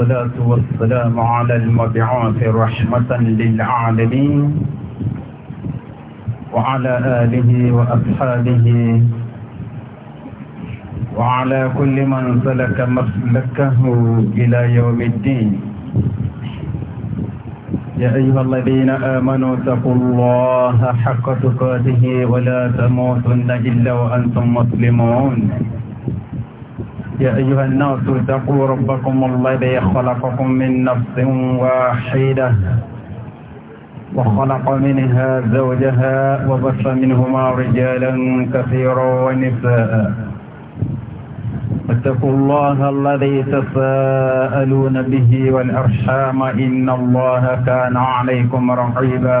والصلاة والسلام على المبعوث رحمة للعالمين وعلى آله وأصحابه وعلى كل من سلك مسلكه إلى يوم الدين يا أيها الذين آمنوا اتقوا الله حق تقاته ولا تموتن إلا وأنتم مسلمون يا أيها الناس اتقوا ربكم الذي خلقكم من نفس واحدة وخلق منها زوجها وبث منهما رجالا كثيرا ونساء اتقوا الله الذي تساءلون به والأرحام إن الله كان عليكم رقيبا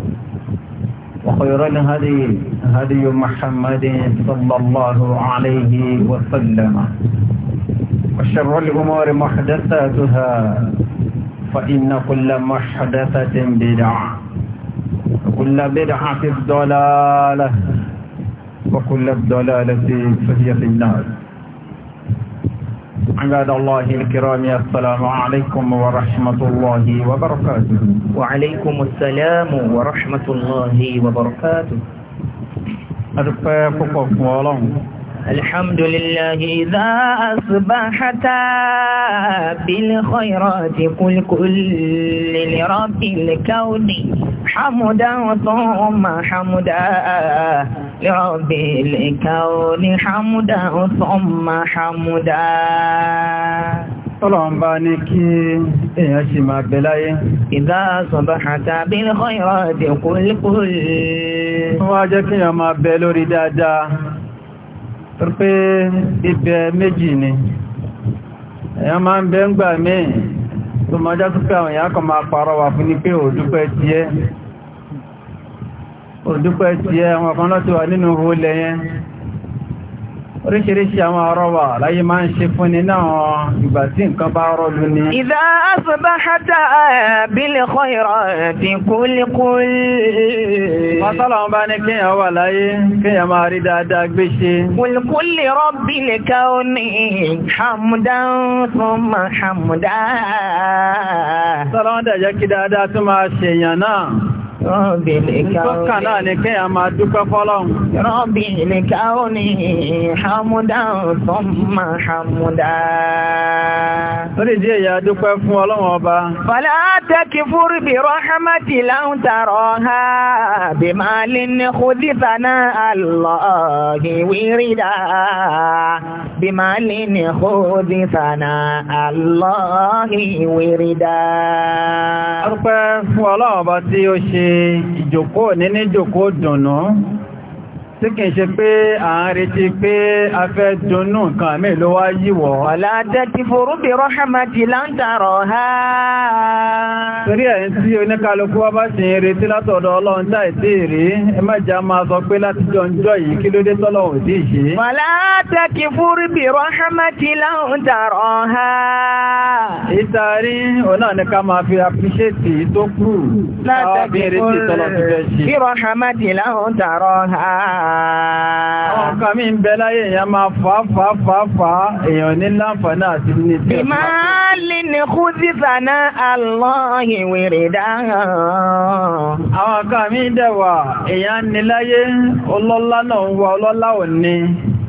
وخير الهدي هدي محمد صلى الله عليه وسلم وشر الأمور محدثاتها فإن كل محدثة بدعة وكل بدعة ضلالة وكل الضلالة فهي في النار عباد الله الكرام السلام عليكم ورحمة الله وبركاته وعليكم السلام ورحمة الله وبركاته أرفع فوق الحمد لله إذا أصبحت بالخيرات كل كل لرب الكون حمدا ثم حمدا لرب الكون حمدا ثم حمدا Ọlọ́run bá ní kí èèyàn ṣì máa bẹ láyé. Ìdá sọ̀bàhàtà bí lọ́kọ̀ ìrọ̀ ọ̀dẹ̀kú lẹ́kùn lè. Wọ́n á jẹ́ kí èèyàn máa bẹ lórí dáadáa torí pé ibẹ̀ méjì ni èyàn máa ń bẹ́ ń gbà míì tó máa já túnkà àwọn èyàn kan máa parọ́ wà fún ní pé òdúpẹ́ tí ẹ́ wọn kan lọ́ti wà nínú olè oríṣiríṣi àwọn ọ̀rọ̀ wà láyé máa ń ṣe fún ni náà ìgbà tí nǹkan bá rọ́lú ni. ìdá àṣùbá hátà bílẹ̀ kọ́ ìrọ̀ ti kúlíkúlí. mọ́sálà bá ní kí Rọ́bì lè káwọ́ ní. Ìtọ́kà náà ni kí a máa dúpẹ́ fọ́lọ́run. Rọ́bì lè káwọ́ ní ya dúpẹ́ fún ọlọ́run ọba. Fọ́lá tẹ́kì fúrú bí rọ́hámátì láhùn tààrọ̀ ha bí máa lè ní kúdíta náà àlọ́ọ̀gì wírídà. Bí máa lè ní kúdíta náà àlọ́ọ̀gì wírídà. Ọpẹ́ fún ọlọ́run ọba tí ó ṣe ìjòkó níní ìjòkó dùnnú tí kìí ṣe pé à ń retí pé a fẹ́ dunnú nǹkan mi ló wá yíwọ̀. ọ̀la tẹ́tí forú bí rọ́ṣàmàtì láǹtàrọ̀ ha. torí ẹ̀ tí oníkálukú wa bá ṣe ń retí látọ̀dọ̀ ọlọ́run tá ìdí rí ẹ má jà máa sọ pé láti jọ ń jọ kí ló dé tọ́lọ̀ ò fi appreciate tó kù. látàkì forú bí rọ́ṣàmàtì láǹtàrọ̀ ha. Àwọn nǹkan mi ń bẹ láyé èèyàn máa fà fà fà fà èèyàn ní láǹfààní àti ní tí ẹ̀fà. Máa lè ní kú títà náà àlọ́ ìwèrè dáhàn. Àwọn nǹkan mi dẹ̀wà èèyàn ní láyé ọlọ́lá náà ń wa ọlọ́lá òní.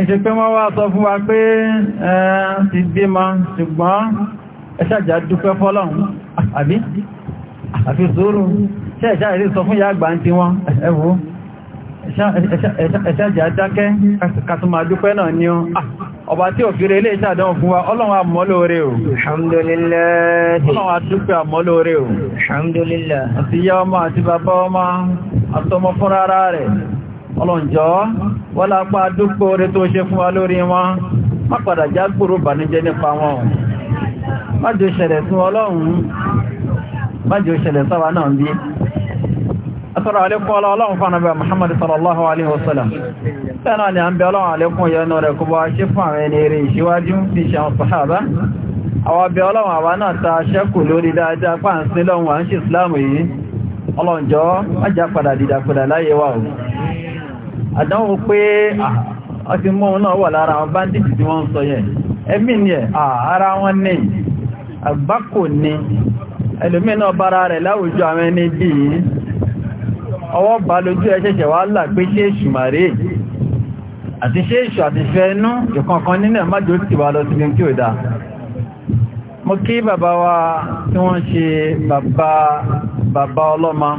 ìṣe pé wọ́n wá sọ fún wa pé ẹ̀ẹ́ ti bí ma ṣùgbọ́n ẹṣàjà dúpẹ́ fọ́lọ́run àbí àfi sùúrù ṣe ẹ̀ṣà ìrí sọ fún yàgbà ń ti wọn ẹ̀wọ́ ẹṣàjà dákẹ́ kàtùmà dúpẹ́ náà ni ọba tí òfìrè ilé ìṣàdán fún wa ọlọ́run àmọ́lóore o ọlọ́run àdúpẹ́ àmọ́lóore o ọlọ́njọ́ wọ́n lápá dúpọ̀ orí tó ṣe fún wa lórí wọn má padà já gbòrò bànújẹ́ nípa wọn má jẹ́ ṣẹlẹ̀ sí ọlọ́run má ṣẹlẹ̀ sáwà náà bí asọ́rọ̀ alékún ọlọ́run fún anábẹ́ Muhammad sallallahu alaihi wasallam tẹ́nà ni a ń bẹ ọlọ́run alékún yẹnu rẹ̀ kó bá ṣe fún àwọn ẹni eré ìṣíwájú bí i ṣàwọn sàhábá àwọn bẹ ọlọ́run àwa náà ta ṣẹ́kù lórí dáadáa pàǹsí lọ́run à ń ọlọ́njọ́ má padà dìdàkudà láyé wa òun àdánwò pé ọtí mọ́un náà wà lára àwọn bandit tí wọ́n sọ yẹ ẹmí ni ẹ̀ ara wọn ní àgbákò ní ẹlòmínà náà bára rẹ̀ láwùjọ àwọn ẹni bí i ọwọ́ bá lójú ẹ wà wá là pé ṣe màrí àti ṣe èṣù àti fẹ́ inú nínú ẹ̀ ti wà lọ sí ibi ó dá mo kí bàbá wa tí wọ́n ṣe bàbá ọlọ́mọ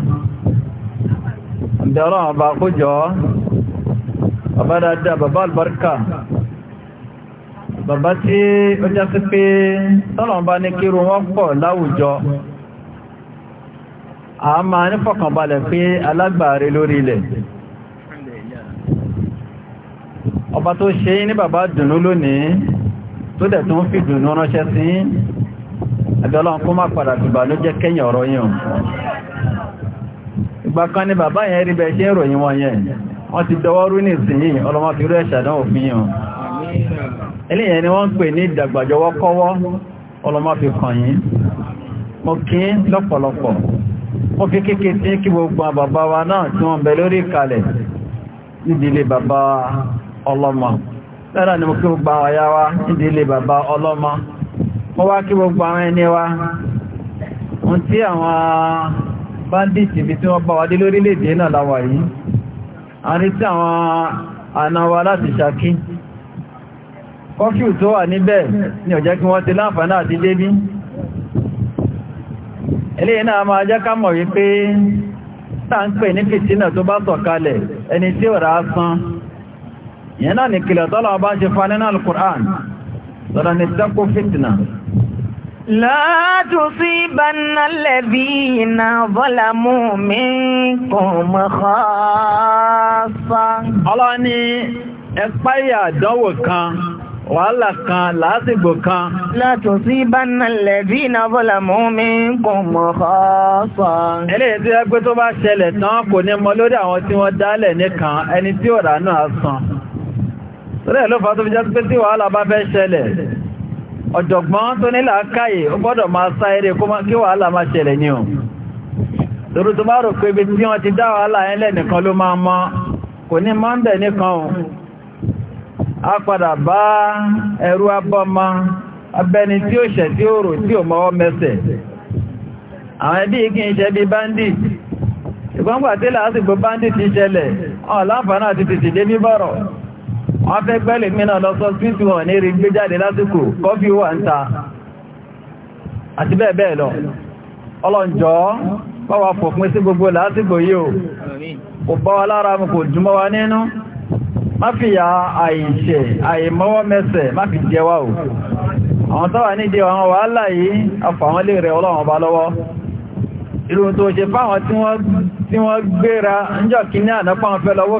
ọ̀dẹ̀ ọlọ́run bàbá dáadáa bàbá albarka bàbá tí ó já sí pé tọ́lọ̀mbá ní kírù wọ́n pọ̀ láwùjọ a máa ní fọkànbalẹ̀ pé alágbàrí lórí ilẹ̀ ọba tó ṣe ní bàbá dùnú lónìí tó dẹ̀ tó ń fi dùnú ránṣẹ́ sí ẹ̀dọ́lọ́n kó má padà tùbà ló jẹ́ kẹ́yìn ọ̀rọ̀ yìí ìgbà kan ni bàbá yẹn rí bẹ́ẹ̀ ṣe ń ròyìn wọn wọ́n ti dọwọ́rú ní ìsinyìí ọlọ́mọ fi rẹ̀ ṣàdánwò fún eléyìn ni wọ́n ń pè ní ìdàgbàjọwọ́kọ́wọ́ ọlọ́mọ fi kàn yín kí lọ́pọ̀lọpọ̀ mọ́ fi kéèké tí kí gbogbo bàbá wa náà tí wọ́n bẹ lórí ọlọ́mọ ibi tí wọ́n bá wà dé tí àwọn ànáwà láti ṣàkí kọfíù tó wà níbẹ̀ ni ó jẹ́ kí wọ́n ti láǹfààní àti débí ilé náà máa jẹ́ ká mọ̀ wípé táǹpẹ̀ ní fìtínà tó bá sọ̀kalẹ̀ ẹni tí ó rà á san ìyẹn náà ni kìlọ̀ bá ń ṣe fa nínú Al-Qur'an ni tẹ́kù fìtínà لا تصيبن الذين ظلموا منكم خاصة ọlọ́ ni ẹ̀páyà àdánwò kan wàhálà kan lásìgbò kan لا تصيبن الذين ظلموا منكم خاصة ẹlẹ́yìn tí ẹgbẹ́ tó bá ṣẹlẹ̀ tán kò ní mọ lórí àwọn tí wọ́n dálẹ̀ nìkan ẹni tí ò ránú àsán ọ̀dọ̀gbọ́n tó nílà káyè ó gbọ́dọ̀ máa sá eré kí wàhálà máa ṣẹlẹ̀ ní o torí tó bá rò pé ibi tí wọ́n ti dá wàhálà ẹlẹ́ nìkan ló máa mọ́ kò ní máa nìkan o a padà bá ẹrú abọ́mọ abẹni tí ó ṣẹ̀ tí ó rò tí mọ́wọ́ mẹ́sẹ̀ bandit ìgbọ́ngbà tí làásìgbò bandit ti ṣẹlẹ̀ ọ̀ láǹfààní wọ́n fẹ́ gbẹ́lẹ̀ mìíràn lọ sọ ní rí gbé jáde lásìkò wà ń ta àti bẹ́ẹ̀bẹ́ẹ̀ lọ ọlọ́njọ́ báwa fòpin sí gbogbo lásìkò yìí kò lára mú kò jùmọ́ wa nínú má fi ya àìṣẹ́ àìmọ́wọ́ mẹ́sẹ̀ fi jẹ o àwọn àwọn ìrùn tó ṣe fáwọn tí wọ́n gbéra ń jọ kí ní fẹ́ lọ́wọ́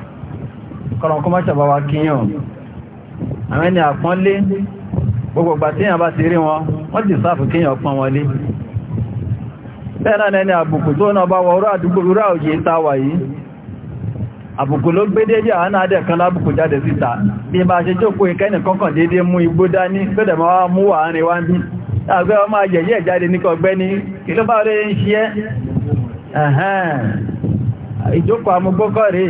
kọ́lọ̀kọ́ má ṣàbáwá kíyàn àwọn ẹni àpọ́nlé gbogbo ìgbà tí èyàn bá ti rí wọn wọ́n ti sáàfù kíyàn pọ́n wọn lé bẹ́ẹ̀ náà ẹni àbùkù tó náà bá wọ orú àdúgbò rúrà òye táwà yìí àbùkù ló gbé dédé àwọn àdẹ̀ kan lábùkù jáde síta bí bá ṣe jókòó ìkẹ́ni kọ́kàn dédé mú igbó dání pẹ́dẹ̀ máa mú wà árin wá ń bí àgbẹ́ ọmọ ayẹyẹ jáde ní kọgbẹ́ni kí ló bá rẹ̀ ń ṣe ìjókòó amúgbókọ́ rèé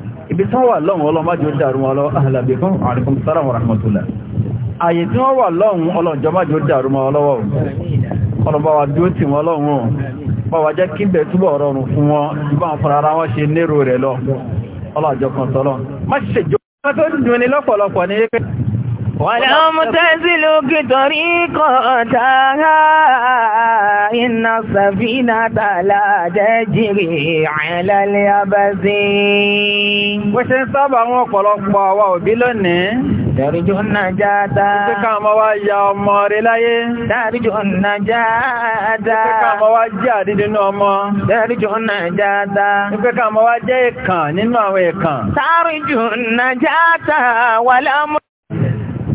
ibi tán wà lọ́hùn ọlọ́májú dàrú wọn lọ ahàlàbí fún àríkùn sára wọn rahmatullah ààyè tí wọ́n wà lọ́hùn ọlọ́jọ́májú dàrú wọn lọ́wọ́ ọlọ́bá wa dúó tì wọn lọ́hùn wọn bá wa jẹ́ kí bẹ̀ túbọ̀ rọrùn fún wọn bá wọn ara wọn ṣe nérò rẹ̀ lọ ọlọ́jọ́ kan sọ́lọ́ ولا متزل طريقتها إن السفينة لا تجري على اليابس bó ṣe ń sábà àwọn ọ̀pọ̀lọpọ̀ àwa òbí lónìí Dàríjò nàjáàdá. Ṣé ká mọ́ wá ya ọmọ rẹ láyé? Dàríjò nàjáàdá. Ṣé ká mọ́ wá jẹ́ àdí nínú ọmọ? Dàríjò nàjáàdá. Ṣé ká mọ́ wá jẹ́ ìkàn nínú àwọn ìkàn? Dàríjò nàjáàdá wà lámú.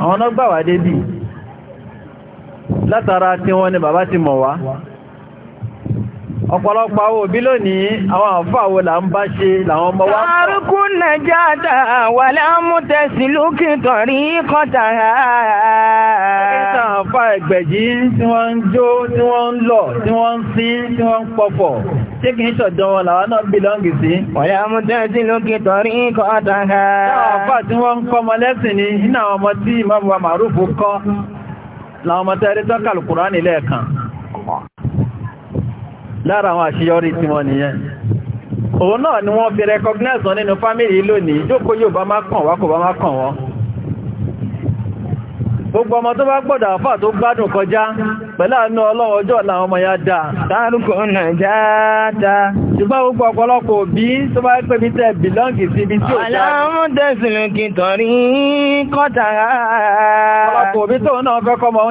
àwọn náà gbà wá débì látara tí wọ́n ni bàbá ti mọ̀ wá ọ̀pọ̀lọpọ̀ àwọn òbí lónìí àwọn àfáàwò là ń bá ṣe làwọn ọmọ wá tààrùkú nàíjáàdà wà ṣé kìí ṣọ̀dọ̀ wọn làwọn náà bí lọ́ngì sí. ọ̀yà ọmọdé sí lókè ha. láwọn ọ̀pá tí wọ́n ń kọ́ ọmọ lẹ́sìn ni iná àwọn ọmọ tí ìmọ̀mù wa lára àwọn tí wọ́n òun náà ni wọ́n fi gbogbo ọmọ tó bá gbọ́dọ̀ àfà tó gbádùn kọjá pẹ̀lú àánú ọlọ́wọ́ ọjọ́ ọ̀la ọmọ ya dà dárúkọ nàìjáta ṣùgbọ́n gbogbo ọ̀pọ̀lọpọ̀ òbí tó bá pẹ́ bí tẹ́ bìlọ́ǹgì sí ibi tí ó dá ọ̀làmúdẹ̀sìlùkì tọ̀rí náà fẹ́ kọ́mọ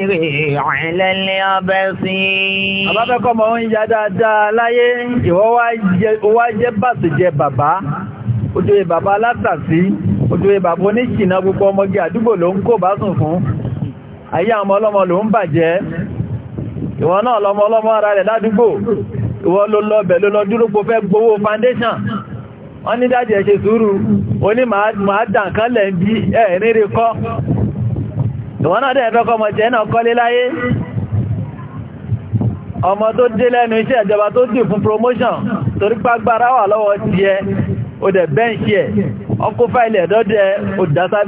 ń على اليابسين àbábẹ́kọ́ mọ̀ ń ya dáadáa láyé ìwọ́ wá jẹ́ bàtì jẹ bàbá ojú ẹ bàbá látàsí ojú ẹ bàbá oníṣìnà gbogbo ọmọge àdúgbò ló ń kó bá sùn fún ayé àwọn ọlọ́mọ ló ń bàjẹ́ ìwọ náà lọmọ ọlọ́mọ ara rẹ̀ ládúgbò ìwọ ló lọ bẹ̀ ló lọ dúró pò fẹ́ wọ́n ní dájẹ̀ ṣe sùúrù oní màá dàn kánlẹ̀ bí ẹ̀ẹ́rẹ́rẹ́ kọ́ ìwọ̀n náà dẹ̀ fẹ́kọ́ ọmọ jẹ́ náà kọ́lé láyé ọmọ tó dé lẹ́nu iṣẹ́ ìjọba tó dì fún promotion torí pàgbára wà lọ́wọ́ ti ẹ o dẹ̀ bẹ́ǹṣì ẹ̀ ọkọ́ fáìlì ẹ̀dọ́dẹ̀ òdásá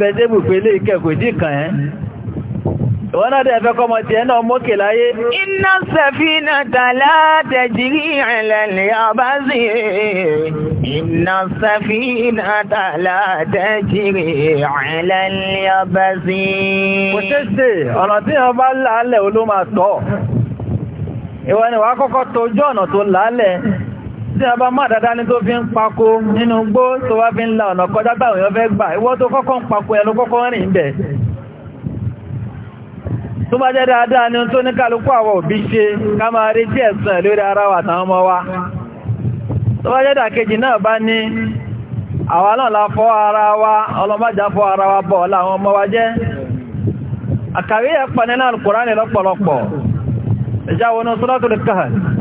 wọ́n náà dẹ̀ fẹ́ kọmọ tí ẹ náà láyé iná sẹ̀fínà tààlá tẹ̀jìrí ìrìnlẹ̀ àbázì iná sẹ̀fínà tààlá tẹ̀jìrí ìrìnlẹ̀ àbázì kò ṣeéṣe ọ̀nà tí wọ́n bá láàlẹ̀ olóma tọ́ ìwọ ni wà kọ́kọ́ ọ̀nà tó láàlẹ̀ tí a bá má dáadáa ní tó fi ń pako nínú gbó tó wá fi ń la ọ̀nà kọjá gbà òyìnbẹ́ gbà ìwọ tó kọ́kọ́ ń pako ẹnu kọ́kọ́ rìn bẹ̀ tó bá jẹ́ dáadáa ní tó ní kálukú àwọ̀ òbí ṣe ká máa rí tí ẹ̀sùn lórí ara wa tàwọn ọmọ wa tó bá jẹ́ dàkejì náà bá ní àwa náà fọ́ ara wa ọlọ́májá fọ́ ara wa bọ̀ láwọn ọmọ wa jẹ́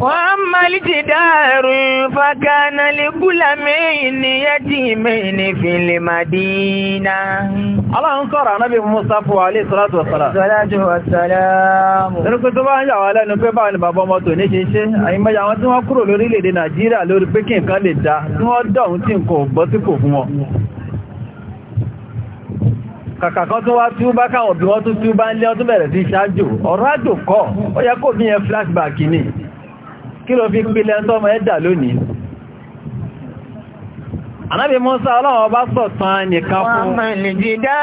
وأما الجدار فكان لغلامين يتيمين في المدينة الله انصر نبي موسى عليه الصلاة والسلام والسلام ní ṣe ṣe, lè dá, tí wọ́n dọ̀hún kàkà kan tó wá tí ó bá káwọn bí wọ́n tó tí ó bá ń lé ọdún bẹ̀rẹ̀ sí ṣáájú ọ̀rọ̀ àjò kọ́ ó yẹ kó kí ló fi pílẹ̀ tọ́mọ ẹ́dà lónìí anábi Musa ọlọ́wọ́ bá sọ̀tàn nìkan fún nígbà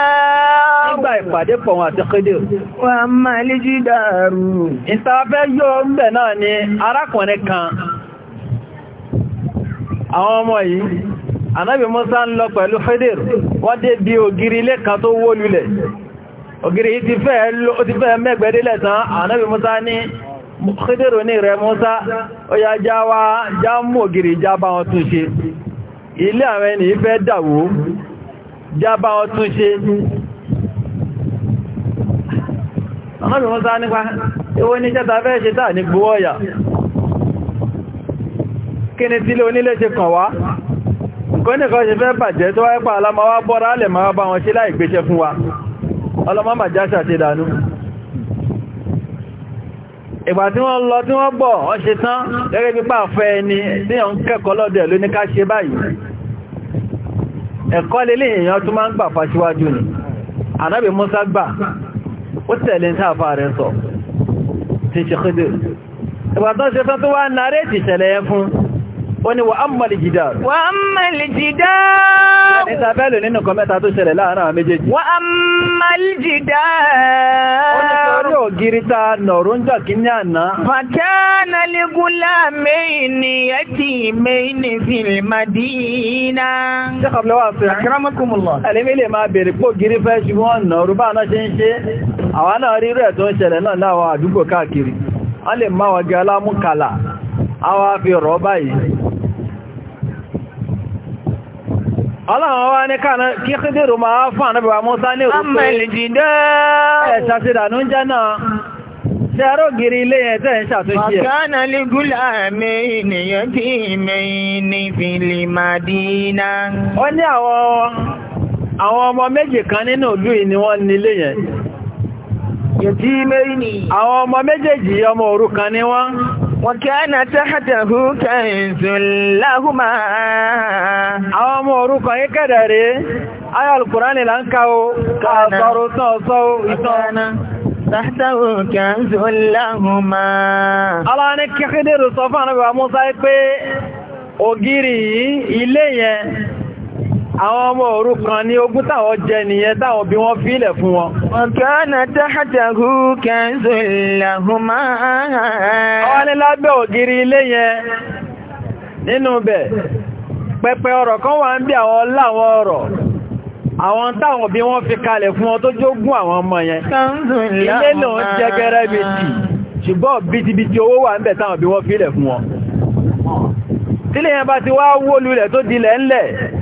ìpàdé pọ̀ wọn àti kédè wà máa lè jí dáàrù yóò ń bẹ̀ náà ni arákùnrin kan àwọn ọmọ yìí anábi Musa ń lọ pẹ̀lú kédè wọ́n dé bí ògiri ilé kan tó wó ògiri yìí ti fẹ́ mẹ́gbẹ̀ẹ́dẹ́lẹ̀ tán anábi Musa ní Kídèrò ní rẹ̀ Mọ́sá, ó yá já wá já mú ògiri já bá wọn tún ṣe. Ilé àwọn ẹni fẹ́ dàwó, já bá wọn tún ṣe. Ọmọ́bì Mọ́sá nípa, ewó ní ṣẹ́ta fẹ́ ṣe tà ní gbówó ọ̀yà. Kí ni tílé onílé ṣe kàn wá? Nǹkan nìkan ṣe fẹ́ bàjẹ́ tó wáyé pa alámọ́wá bọ́ra lè máa ìgbà tí wọ́n lọ tí wọ́n bọ̀ wọ́n ṣe tán gẹ́gẹ́ bí pàfẹ́ ẹni tí yàn ń kẹ́kọ̀ọ́ lọ́dọ̀ ẹ̀ ló ní ká ṣe báyìí ẹ̀kọ́ lélé èèyàn tó máa ń gbà fàṣíwájú ni ànábì Mùsá gbà ó tẹ̀lé ń sáàfà rẹ̀ sọ ti ṣe kéde ìgbà tó ṣe tán tó wá nàárẹ̀ ìṣẹ̀lẹ̀ ó ní wà ámàlì jìdáàrù wà ámàlì jìdáàrù ní tàbẹ́lù nínú kan mẹ́ta tó ṣẹlẹ̀ láàárín àwọn wà ámàlì jìdáàrù ó ní torí ta nọ̀rún jọ kí ní àná fàkánà lígúnlá mẹ́ìnì ẹ̀tì mẹ́ìnì fìlì madina àwọn náà rí báyìí Ọlọ́run wá ní káàná kí Kídìrù máa fún ànábìwà Mọ́sá ní òkú ẹ̀ṣà sí ìdànú jẹ́ náà. Ṣé aró gírí ilé yẹn tẹ́ ń ṣàtúnṣe ẹ̀? Ọ̀kánà lè gúlà mẹ́ àwọn ọmọ méjèèjì ọmọ òrukàn ni wọ́n wọ́n kí á nà táhàtà hù kẹ́ǹsùn láhùmá àwọn ọmọ òrukàn yí kẹ́dẹ̀ rí ayà alùkùránì là ń ká o kààsọ̀rọ̀ tán ọ̀sọ́ ìtàn Tàtàwò kẹ́ǹsù láhùmá. Aláwọn ní kíkídèrò sọ fún àwọn ọmọ Musa pé ògiri yìí ilé yẹn àwọn ọmọ òrukàn ní ogún táwọn jẹ nìyẹn táwọn bí wọ́n fílẹ̀ fún wọn. ọ̀gánà táhàtàhù kẹ́ńsù ìlàhùnmá. ọwọ́ ní lábẹ́ ògiri ilé yẹn nínú bẹ̀ pẹpẹ ọ̀rọ̀ kan wà ń bí àwọn láwọn ọ̀rọ̀ àwọn táwọn bí wọ́n fi kalẹ̀ fún wọn tó jogún àwọn ọmọ yẹn ilé náà jẹ́ gẹ́rẹ́ bí tì ṣùgbọ́n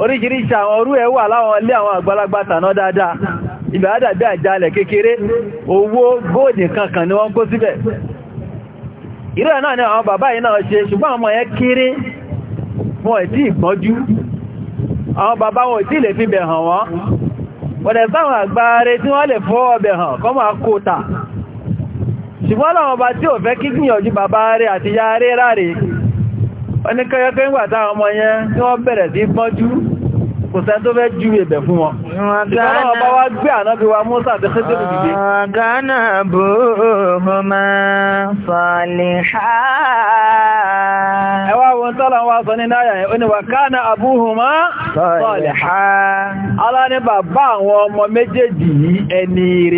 oríṣiríṣi àwọn orú ẹ̀ wà láwọn ilé àwọn àgbàlagbà tàná dáadáa ibẹ̀ àdàbí àjálẹ̀ kékeré owó góòdì kankan ni wọ́n kó síbẹ̀ ìrẹ́ náà ni àwọn bàbá yìí náà ṣe ṣùgbọ́n ọmọ ẹ̀ kéré ní kẹ́yẹ́kẹ́ ìgbà táwọn ọmọ yẹn tí wọ́n bẹ̀rẹ̀ sí pọ́njú kò sẹ́ tó fẹ́ ju ẹ̀bẹ̀ fún wọn ìgbàlá ọba gbé ànábí wa Mùsá àti Khidru dìde ọ̀gánà bó ọmọ sọ̀lẹ̀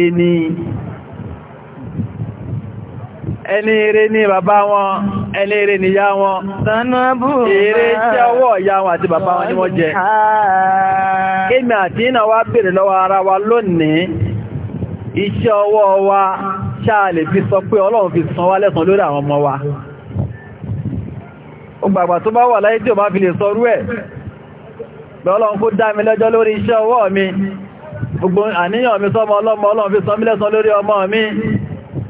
ẹ wá ẹni eré ní bàbá wọn ẹni eré ní ya wọn eré tí ọwọ́ ìyá wọn àti bàbá wọn ni wọ́n jẹ kémi àti iná wá bèèrè lọ́wọ́ ara wa lónìí iṣẹ́ ọwọ́ wa sọ pé Ọlọ́run fi san wá lórí àwọn ọmọ wa gbàgbà tó bá wà láyé tí ò bá fi lè sọ rú ẹ̀ Ọlọ́run kó dá mi lẹ́jọ́ lórí iṣẹ́ ọwọ́ mi gbogbo àníyàn mi ọmọ mi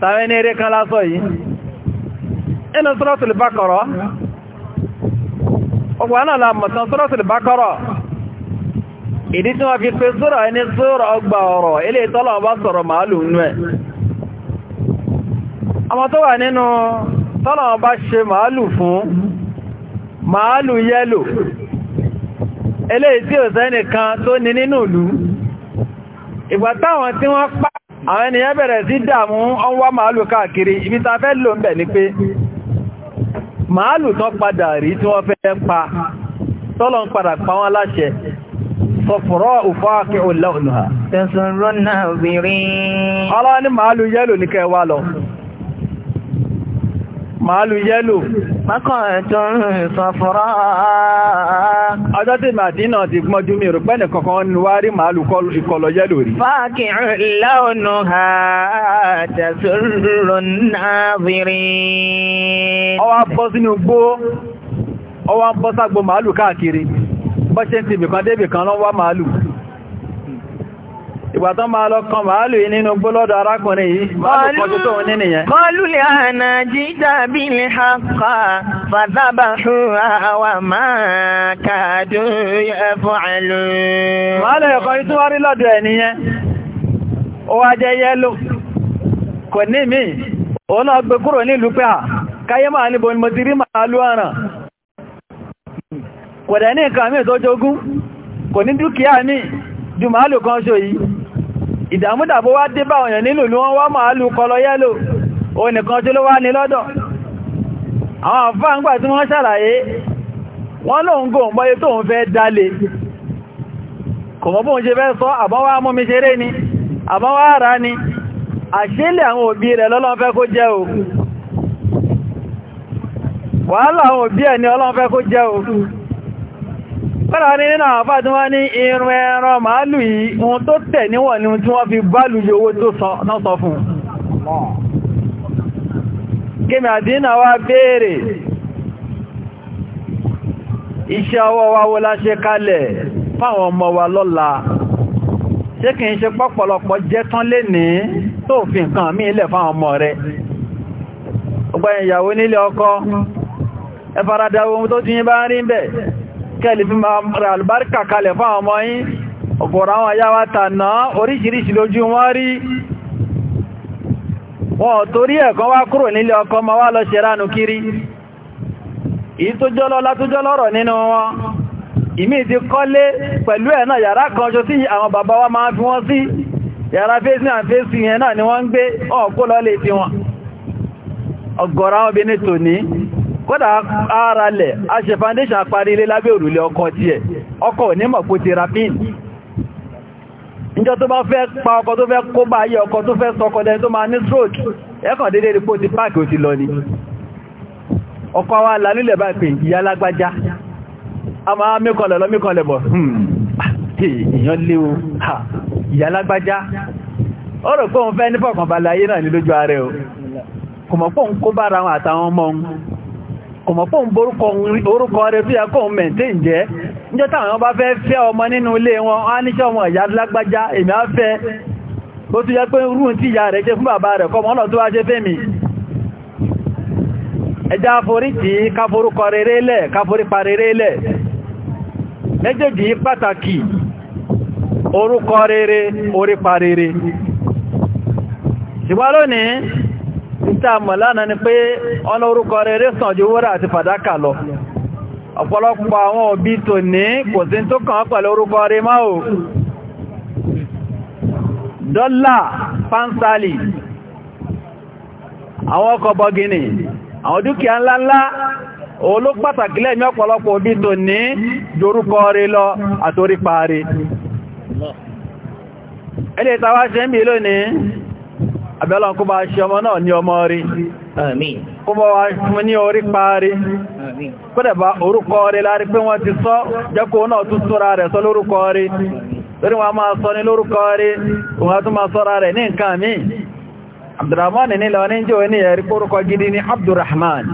tàwọn ẹni eré kan lásọ yìí inú sọ́rọ̀tìlì bákọ̀rọ̀ ọgbà náà lámọ̀tán sọ́rọ̀tìlì bákọ̀rọ̀ ìdí tí wọ́n fi pé sọ́rọ̀ ẹni sọ́rọ̀ ọgbà ọ̀rọ̀ ilé ìtọ́lọ̀ ọba sọ̀rọ̀ màálù nú ẹ̀ àwọn tó wà nínú tọ́lọ̀ ọba ṣe maalu fún màálù yẹ́lò eléyìí tí ò sẹ́nìkan tó ní nínú ìlú ìgbà táwọn tí àwọn ènìyàn bẹ̀rẹ̀ sí dàmú ọwọ́ màálù káàkiri ibi ta fẹ́ lò ń bẹ̀ ní pé màálù tán padà rí tí wọ́n fẹ́ pa tọ́lọ ń padà pa wọ́n aláṣẹ sọ̀fọ̀rọ̀ òfò ákẹ́ màálù yẹ́lò mákàntún ìsànfọ́rá ọjọ́ tí màdínà ti gbọ́njú mi rò pẹ́lẹ̀ kọ̀kan ní wá rí màálù ìkọlọ̀ yẹ́lò rí fáàkì láònù ha tẹ̀sùrù náàbìrì ọwá bọ́ sínú gbó ọwá bọ́ ságbó màálù káàkiri bọ́ ìgbà tán máa lọ kan màálù yìí nínú gbólọ́dọ̀ arákùnrin yìí màálù kọjú tó ní nìyẹn kọlù lè hànà jíjà bí nìyẹn ó ní mi òun náà gbé kúrò nílùú pé à káyé máa níbo ni mo ti rí màálù ọ̀ràn kò dẹ̀ ní nǹkan mi tó jogún kò ní dúkìá mi ju màálù kan ṣò yìí ìdàmúdàbó wá dé bá ọ̀yàn nínú ìlú wọn wá kọlọ yẹ́lò o nìkan tí ló wá ní lọ́dọ̀ àwọn àfáà ń gbà tí wọ́n ṣàlàyé wọ́n lóun ń fẹ́ kò mọ́ bóun ṣe fẹ́ sọ àbọ́wá mú mi ṣeré ni àbọ́wá ara Fọ́nà ní nínú àwọn fàtí wọ́n ní irun ẹran màálù yìí, ohun tó tẹ̀ níwọ̀n ni tí wọ́n fi bálù yìí owó tó sọ fún. Gẹ́mì àdínà wá béèrè, iṣẹ́ ọwọ́ wa wó láṣẹ kalẹ̀ fáwọn ọmọ wa lọ́la. Ṣé kì í ṣe pọ́pọ̀lọpọ̀ jẹ́ tán lé ní tó fi nǹkan mí ilẹ̀ fáwọn ọmọ rẹ̀ kẹ́lì fi máa rẹ̀ àlùbáríkà kalẹ̀ fún àwọn ọmọ yín ọ̀pọ̀rọ̀ àwọn ayáwá tànà oríṣiríṣi lójú wọ́n rí wọn torí ẹ̀kan wá kúrò nílé ọkọ ma wá lọ ṣeránù kiri èyí tó jọ́lọ́ wa máa fi wọ́n sí yàrá fèsì à fèsì yẹn náà ni wọ́n ń gbé ọ̀gọ̀rọ̀ àwọn obìnrin tòní kódà ara lẹ̀ a ṣe foundation ilé lábẹ́ òrùlé ọkọ̀ tí ẹ̀ ọkọ̀ onímọ̀ kó ti ra pín ìjọ tó fẹ́ pa ọkọ̀ tó fẹ́ kó bá ayé ọkọ̀ tó fẹ́ sọkọ̀dẹ tó máa ní stroke ẹkàn dédé rí ti páàkì ó ti lọ ni ọkọ̀ wa lálúlẹ̀ bá pè ìyá lágbájá kọ̀mọ̀pọ̀ ń borúkọ orúkọ rẹ̀ tó yẹ kó ń mẹ̀ntẹ́ níjọ́ bá fẹ́ fẹ́ ọmọ nínú ilé wọn a níṣẹ́ ọmọ ìyá lágbájá èmi á fẹ́ tó yẹ pé rú tí ìyá rẹ̀ ṣe fún bàbá rẹ̀ kọmọ ọ̀nà tó wá fẹ́ mi ẹjá káforúkọ rere ìta àmọ̀lánà ni pé ọ̀nà orúkọ rere sàn ju wúrà àti fàdákà lọ ọ̀pọ̀lọpọ̀ àwọn òbí tò ní kò sí tó kàn pẹ̀lú orúkọ rere máa ò dọ́là pánsálì àwọn ọkọ̀ bọ́gìnì àwọn dúkìá ńláńlá oló lọ àbẹ́lọ́n kó bá ṣe ọmọ náà ní ọmọ rí kó bá wá fún ní orí parí kódẹ̀ bá orúkọ rí lárí pé wọ́n ti sọ jẹ́kó náà tún sọ́ra rẹ̀ sọ lórúkọ rí lórí wọn máa sọ ní lórúkọ rí òun tún máa sọ́ra rẹ̀ ní nǹkan mi Abdurrahman ní lọ ní jò ní ẹ̀rí kórúkọ gidi ní Abdurrahman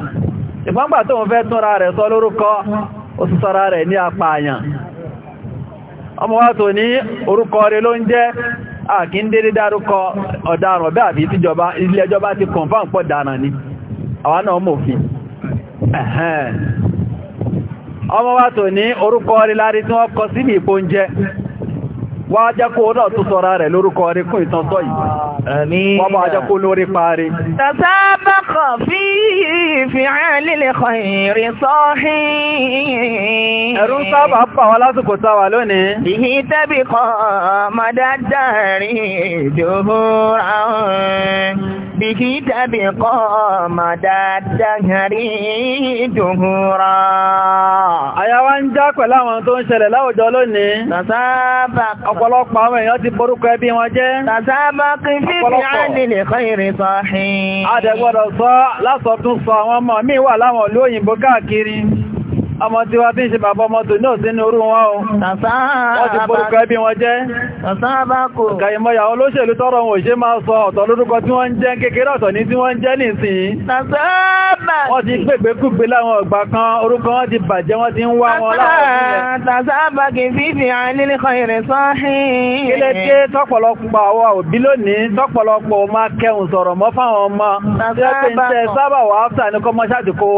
àkí ń dárúkọ ọ̀daràn bẹ́ àfi tíjọba ilé ẹjọ́ bá ti confam pọ̀ dáràn ni àwọn náà mòfin ọmọ wa tò ní orúkọ orí lárí tí wọ́n kọ sí ní ìpóúnjẹ wá jẹ́ kó náà tó sọ́ra rẹ̀ lórúkọ orí kún ìtànsọ́ yìí wọ́n bá jẹ́ kó lórí parí. tàbákọ̀ fi fi'alil khayri sahih. ẹ̀rù ń sábà bà wá lásìkò sáwà lónìí. ìhì tẹ́bì kan mọ́dá dárí dòhóra ọ̀hún. ربه تبقى مدى الدهر دهورا àyà wa ń já pẹ̀lú àwọn tó ń ṣẹlẹ̀ láwùjọ lónìí tàṣàbà ọ̀pọ̀lọpọ̀ àwọn èèyàn ti borúkọ ẹbí wọn jẹ́ tàṣàbà kí fífi ánìlẹ̀ kọ́ ìrìn sọ ọmọ tí wá tí ṣe bàbá ọmọ tó náà sínú orú wọn o wọ́n ti borúkọ ẹbí wọn jẹ́ ọ̀kàyìmọ̀yà olóṣèlú tọ́rọ wọn ò ṣe máa sọ ọ̀tọ̀ lórúkọ tí wọ́n jẹ́ kékeré ọ̀tọ̀ ní tí wọ́n jẹ́ nìsìn wọ́n ti kan orúkọ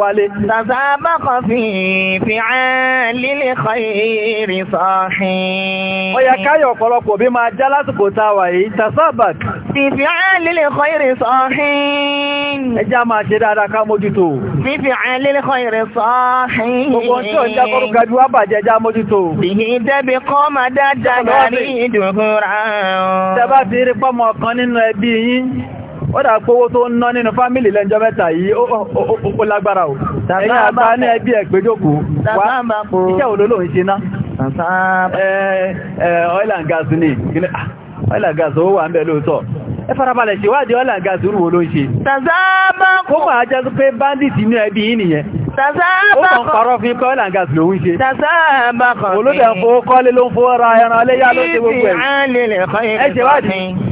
wọn fìfìán lílé kọ́ìrì sọ́hìn. ó yẹ káyọ̀ ọ̀pọ̀lọpọ̀ bí máa já lásìkò tá a wà yìí tasabak. fìfìán lílé kọ́ìrì sọ́hìn. ẹ já máa ṣe dáadáa ká mójútó. fìfìán lílé kọ́ìrì sọ́hìn ó dà pówó tó ń ná nínú fámílì lẹ́njọ́ mẹ́ta yìí ó lágbára o ẹ̀yìn àgbà ní ẹbí ẹ̀gbẹ́jòkó wá iṣẹ́ òdólò ń ṣe ná oil and gas ni ah, oil and gas ó wà ń bẹ̀ lóòótọ́ ẹ farabalẹ̀ ṣèwádìí oil and gas rú wo ló ń ṣe tàzábàkù ó máa jẹ́ pé bandit ní ẹbí yìí nìyẹn tàzábàkù ó kàn parọ́ fún ikọ́ oil and gas ló ń ṣe tàzábàkù olóòdẹ̀ fowó kọ́lé ló ń fowó ra ẹran aléyá ló ń ṣe gbogbo ẹ̀ ẹ ṣèwádìí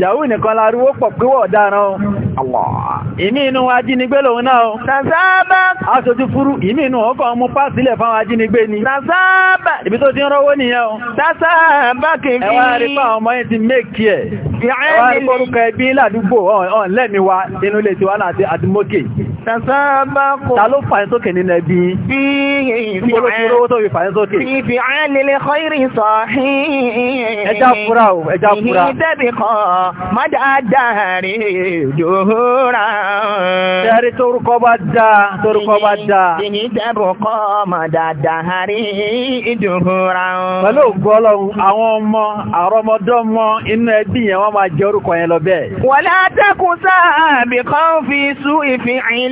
yàwó nìkan láruwó pọ̀ pẹ́wọ̀ ọ̀daràn ìmí inú ajínigbé lòun náà tàzábà aṣojú fúrú inú ọkọ̀ ọmọ pàtílẹ̀ fáwọn ajínigbé ni tàzábà ibi tó ti ń rọwó nìyẹn o kìí ẹwà rí pa ọmọ yìí ti mẹ́kì e. ẹ̀ tasabaku ta ló fàyín sókè nínú ẹbí fífi àìlèlè kọ́ìrì sọ̀hí ẹjá fúra o ẹjá fúra ìhì tẹ́bì kọ́ mọ́dáadáàrí dòhóra tẹ́rí tórúkọ bá dá tórúkọ bá dá ìhì tẹ́bì kọ́ mọ́dáadáàrí dòhóra pẹ̀lú ògbọ́lọ́run àwọn ọmọ àrọmọdọ́mọ inú ẹbí yẹn wọ́n máa jẹ́ orúkọ yẹn lọ bẹ́ẹ̀ wọ́lá tẹ́kùn sáà bìkan fi sú ìfihìn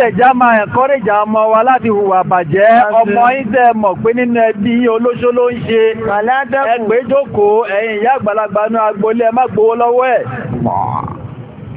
dẹ̀ já máa ẹ̀kọ́rẹ̀jà ọmọ wa láti hùwà bàjẹ́ ọmọ ìdẹ̀ mọ̀ pé nínú ẹbí olóṣó ló ń ṣe ẹgbẹ́jókòó ẹ̀yìn ìyá àgbàlagbà náà agbolé ẹ má lọ́wọ́ ẹ̀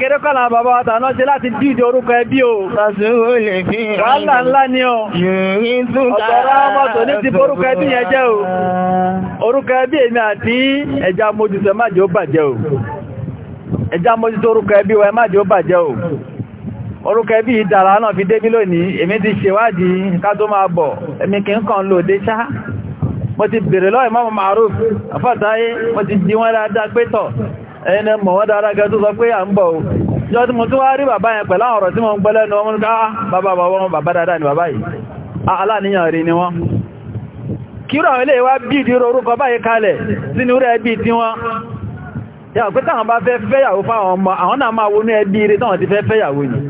kékeré kọ́nà bàbá àtànà ṣe láti dìde orúkọ ẹbí o. Wàhálà nla ni o. Ọ̀tọ̀rọ̀ ọmọ tò ní orúkọ ẹbí yẹn o. oruko ẹbí èmi àti ẹja mojútó má o. Ẹja o. Orúkọ ẹbí ìdàrà náà fi débí lónìí, èmi ti ṣèwádìí ká tó máa bọ̀, èmi kì ń kàn lòdé mo ti bèèrè lọ́wọ́ mo ti di wọ́n ẹni mọ̀ wọ́n dára gẹ́ tó sọ pé à ń bọ̀ jọ tí mo tí wá rí bàbá yẹn pẹ̀lá ọ̀rọ̀ tí mo ń gbọ́lẹ́nu ọmọ ah, bàbá bàbá wọn bàbá dáadáa ni bàbá yìí ah, aláníyàn rí ni wọ́n kírọ̀ ilé wá bí orúkọ báyìí kalẹ̀ sínú rẹ̀ bí tí wọ́n pé táwọn bá fẹ́ fẹ́yàwó fáwọn ọmọ àwọn náà máa ẹbí rí táwọn ti fẹ́ fẹ́yàwó yìí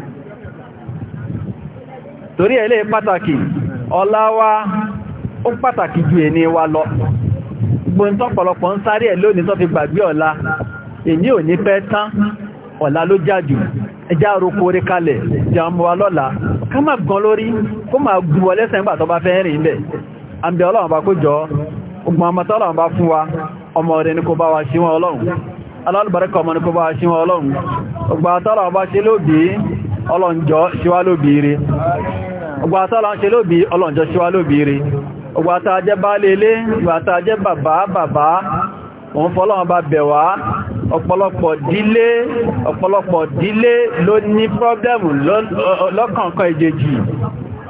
torí wa ó pàtàkì ju wa lọ gbọ́n tọ́pọ̀lọpọ̀ ń sáré ẹ̀ lónìí tó fi ìní ò ní pẹ́ tán ọ̀la ló jáde ẹjá roko orí kalẹ̀ jẹun wa lọ́la ká gan lórí kó má gùn wọlé sẹ́ńgbà tó bá fẹ́ rìn ilẹ̀ àbẹ̀ ọlọ́run bá kó jọ ogun ọmọtọ́ ọlọ́run bá fún wa ọmọ rẹ̀ ní kó bá wa ọlọ́run ọmọ ní kó bá wa ọlọ́run bá ọ̀pọ̀lọpọ̀ dílé ọ̀pọ̀lọpọ̀ dílé ló ní pọ́blẹ́mù lọ́kànkan ìjèjì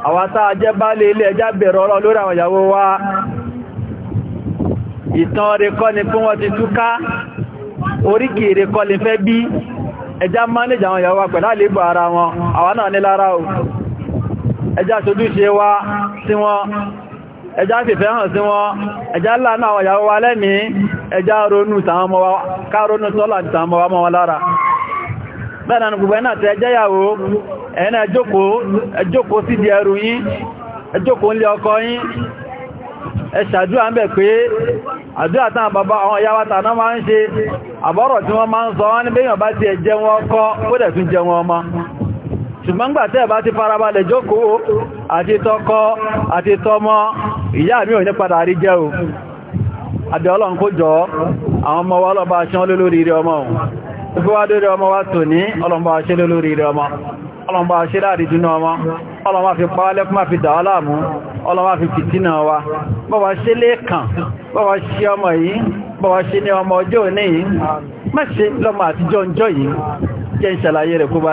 àwọn táa jẹ́ bá lè ilé ẹjá bẹ̀rọ ọlọ́ lórí àwọn ìyàwó wa ìtàn ọ̀rẹ́ ni fún wọn ti túká oríkì kọ́ bí ní ẹjá fìfẹ́ hàn sí wọn ẹjá láàánú àwọn ìyàwó wa lẹ́mí ẹjá ronú tàwọn ọmọ wa ká ronú sọ́lá wọn lára bẹ́ẹ̀ náà gbogbo ẹ̀nà tẹ́ jẹ́yàwó ẹ̀yìn ẹjọ́kó sí di ẹrù yín ẹjọ́kó lé ọkọ yín ẹṣàdúrà ń bẹ̀ pé àdúrà tán bàbá àwọn náà máa ń ṣe tí wọ́n máa ń sọ wọ́n ní bẹ́yàn bá ti wọn ọkọ dẹ̀ tún jẹ ṣùgbọ́n gbà tẹ́ẹ̀ bá ti farabalẹ̀ jókòó àti tọkọ àti tọmọ ìyá mi ò ní padà rí jẹ́ o àbí ọlọ́run kó jọ àwọn ọmọ wa lọ́ba aṣán lólórí rí ọmọ òun fíwá lórí ọmọ wa tò ní ọlọ́mọ aṣẹ́ lólórí rí ọmọ ọlọ́mọ aṣẹ́ láàrí jùnú ọmọ ṣe lẹ́ẹ̀kàn bọ́wà ọmọ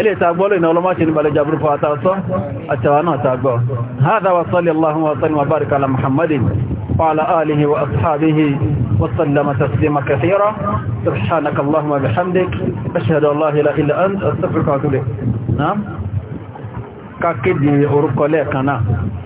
ilé ìtagbọ́lẹ̀ ìnà ọlọ́mọ́ ṣe ní balẹ̀ jàbúrú fún àtàṣọ́ àtàwà náà tàgbọ́ hádà wa sọ́lẹ̀ allahun wa sọ́lẹ̀ wa barika ala muhammadin wa ala alihi wa ashabihi wa sallama taslima kathira subhanaka allahumma bihamdik ashhadu an la ilaha illa anta astaghfiruka wa atubu ilayk na'am ka kéde orúkọ